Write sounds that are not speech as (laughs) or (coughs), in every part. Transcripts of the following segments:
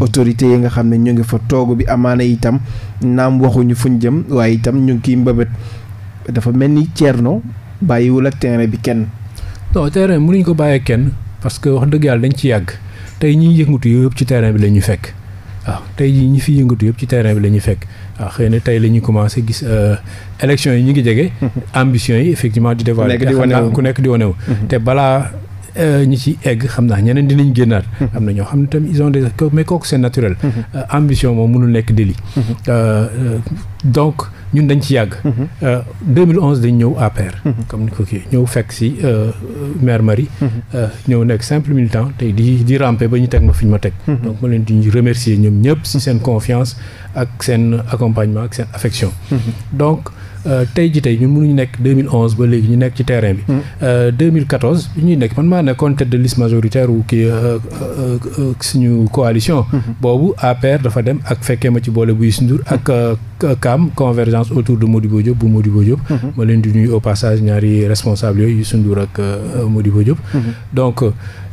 autorité yi nga xam ne ñu ngi fa toog bi amaana itam naam waxuñu fuñ jëm waaye itam ñu ngi kiy mbëbët dafa mel ni Thierno bàyyiwul ak terrain bi kenn. non terrain mënuñ ko bàyyee kenn parce que wax dëgg yàlla dañ ci yàgg tey ñiy yëngatu yëpp ci terrain bi la ñuy fekk waaw tey ñi fi yëngatu yëpp ci terrain bi lañuy fekk waaw xëy na tey la ñuy commencé gis euh, élection yi ñu ngi jege. (laughs) ambition yi effectivement di. dévoilé ku nekk di wane mm-hmm. te balaa ñi egg des mais naturel. ambition donc 2011 dañ hmm. euh, hmm. comme ni ko si euh, euh, Marie. Hmm. militant di di ramper ba ñu ma donc ma leen di remercier ñoom si confiance ak accompagnement ak affection. donc euh, tey ji tey ñun ñu nekk 2011 ba léegi ñu nekk ci terrain bi. 2014 hmm. bi euh, ñuy nekk man maa nekkoon tête de liste majoritaire wu kii euh, suñu coalition. Hmm. boobu APR dafa dem ak fekkee ma ci boole bu Youssou hmm. ak CAM convergence autour de Modibo Diop bu Modibo Diop. ma leen di nuyu au passage ñaari responsable yooyu Youssou Ndour ak Modibo Diop. donc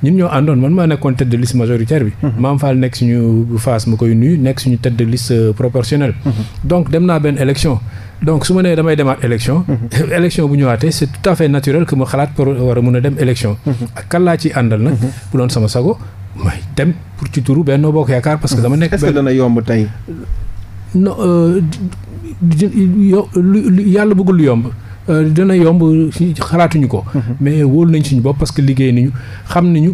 ñun ñoo àndoon man maa nekkoon tête de liste majoritaire bi. Maam Fall nekk suñu face ma koy nuyu nekk suñu tête de liste proportionnelle. donc dem naa benn élection. donc su ma nee damay demaat élection. Mhm. (laughs) élection bu ñëwaatee c' est tout à fait naturel que ma xalaat pour war a mun a dem élection. Mhm. ak kan laa ciy àndal na mhm. bu doon sama sago may dem pour ci turu Benno Bokk Yaakaar parce que dama nekk. est ce dana yomb tey. non euh, yàlla bëggul lu yomb. Euh, dana yomb xalaatuñu ko. mais wóolu nañ suñu bopp parce que liggéey nañu xam nañu.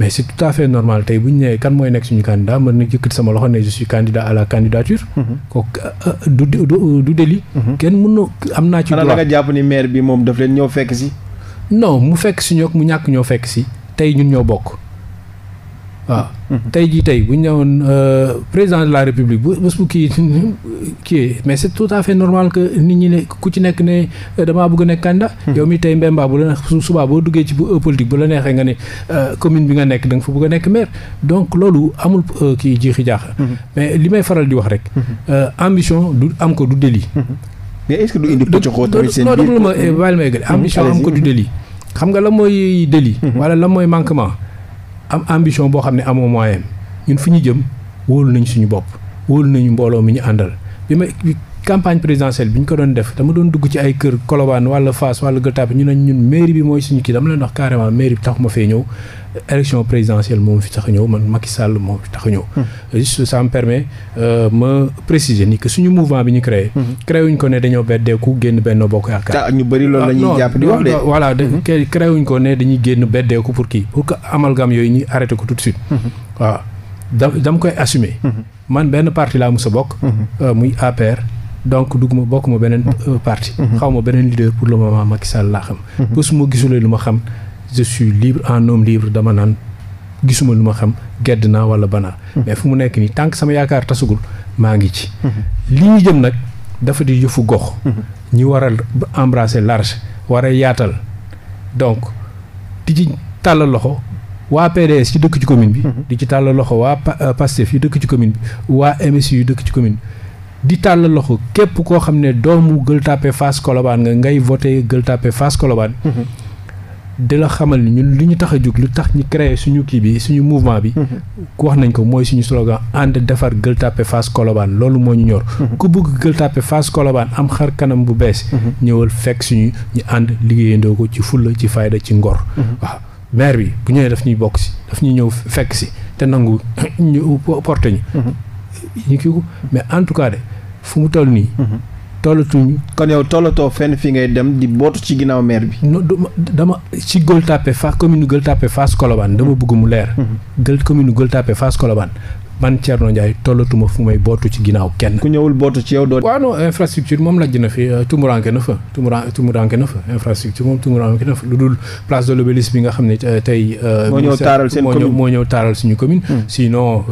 mais c'est tout à fait normal tey bu ñu nee kan mooy nekk suñu candidat mën na jëkkati sama loxo ne je suis candidat à la candidature. Mhm. Euh, euh, du du délit. Mhm. kenn mën na am naa ci droit. nga jàpp ni maire bi moom daf leen ñëw fekk si. non mu fekk si ñoog mu ñàkk ñoo fekk si tey ñun ñoo bokk. waaw mhm. tey jii tey bu ñu newoon euh, président de la république bu bés bu kii (laughs) kii mais c'est tout à fait normal que nit ñi ne ku ci nekk ne euh, damaa bëgg a nekk candidat mhm. yow mi tey Mbemba bu la neex subaa boo duggee ci euh, politique bu la neexee nga ne commune bi nga nekk da nga fa bëgg a nekk maire donc loolu amul kii jiixi jaax mhm. mais li may faral di wax rek ambition du am ko du délit du indi pëccoxoo tamit seen biir non déglu ma bàyyi may xam nga la mooy déli wala la mooy manquement am ambition boo xam ne amoo moyen ñun fi ñu jëm wóolu nañ suñu bopp wóolu nañu mbooloo mi ñu àndal bi ma campagne présidentielle bi ñu ko doon def dama doon dugg ci ay kër Colobane wala Fass wala Gueule ñu ne ñun mairie bi mooy suñu kii dama leen wax carrément mairie bi taxuma fee ñëw élection présidentielle moom fi tax ñëw man hmm. euh, ni que suñu bi ñu hmm. ko ne dañoo beddeeku génn benn bokk yaakaar. ah ñu bëri loolu la ñuy ah, hmm. da dama koy assumer. man benn parti laa mos euh, a bokk. muy APR. donc je suis benen parti mhm. xawma benen leader pour le moment Macky Sall la xam je mhm. suis je suis libre un homme libre dama gisuma luma xam gedd wala libre. Mhm. mais fumu nek ni tant que sama yakar tassugul que ngi ci li ñu jëm nak dafa di yëfu gox ñi waral embrasser large qui yaatal donc di ci tàllal loxo PDS ci dëkk ci commune bi di ci loxo euh, Pastef dëkk ci commune bi wa MSU dëkk ci commune di tàll loxo képp koo xam ne doomu gël tapé face kolobaan nga ngay voté gël tapé face kolobaan mhm. di la xamal ni ñun li ñu tax a jug lu tax ñu créé suñu kii bi suñu mouvement bi mhm. ku wax nañ ko mooy suñu slogan ànd defar gël tapé face kolobaan loolu moo ñu ñor mhm. ku bëgg gël tapé face kolobaan am xar kanam bu bees ñëwal fekk suñu ñu ànd liggéeyandoo ko ci fulla ci fayda ci ngor waaw maire bi bu ñëwee daf ñuy bokk si daf ñuy ñëw fekk si te nangu (coughs) ñu porte ñu ñu kii ko mais en tout cas de fu mu toll nii. Mhm. tollatuñu. kon yow tollatoo fenn fi ngay dem di bootu ci ginnaaw maire bi. non dama ci Gueule Tapée Fass commune Gueule Tapée Fass Colobane dama mhm. bëgg mu leer. Mhm. Gueule commune Gueule Tapée Fass Colobane man Thierno Ndiaye tollatuma fu may bootu ci ginaaw kenn. ku ñewul botu ci yow do waaw non infrastructure mom la na fi euh, tumuranke na fa tumuran tumuranke na fa infrastructure mom tumuranke na fa lu place de l'Obélisque bi nga xam euh, tay mo euh, moo taral taaral seen commune mo ñëw taral suñu commune. Hmm. sinon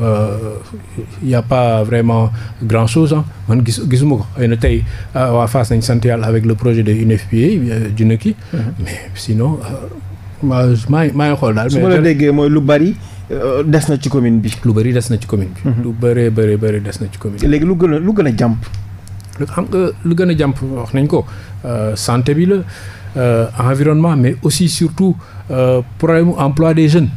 il y a pas vraiment grand chose ah hein. man gisumuko gisuma ko xëy na tey nañ sant yalla avec le projet de UNFPA junne kii. Hmm. mais sinon maa ma ngi xool daal. mais su ma la déggé moy lu bari. des na ci commune bi. lu bëri des na ci commune bi. Mhm. lu bëree bëree bëri des na ci commune bi. léegi lu gën a lu gën a jàmp. lu gën a jàmp wax nañ ko euh, santé bi la euh, environnement mais aussi surtout euh, problème emploi des jeunes.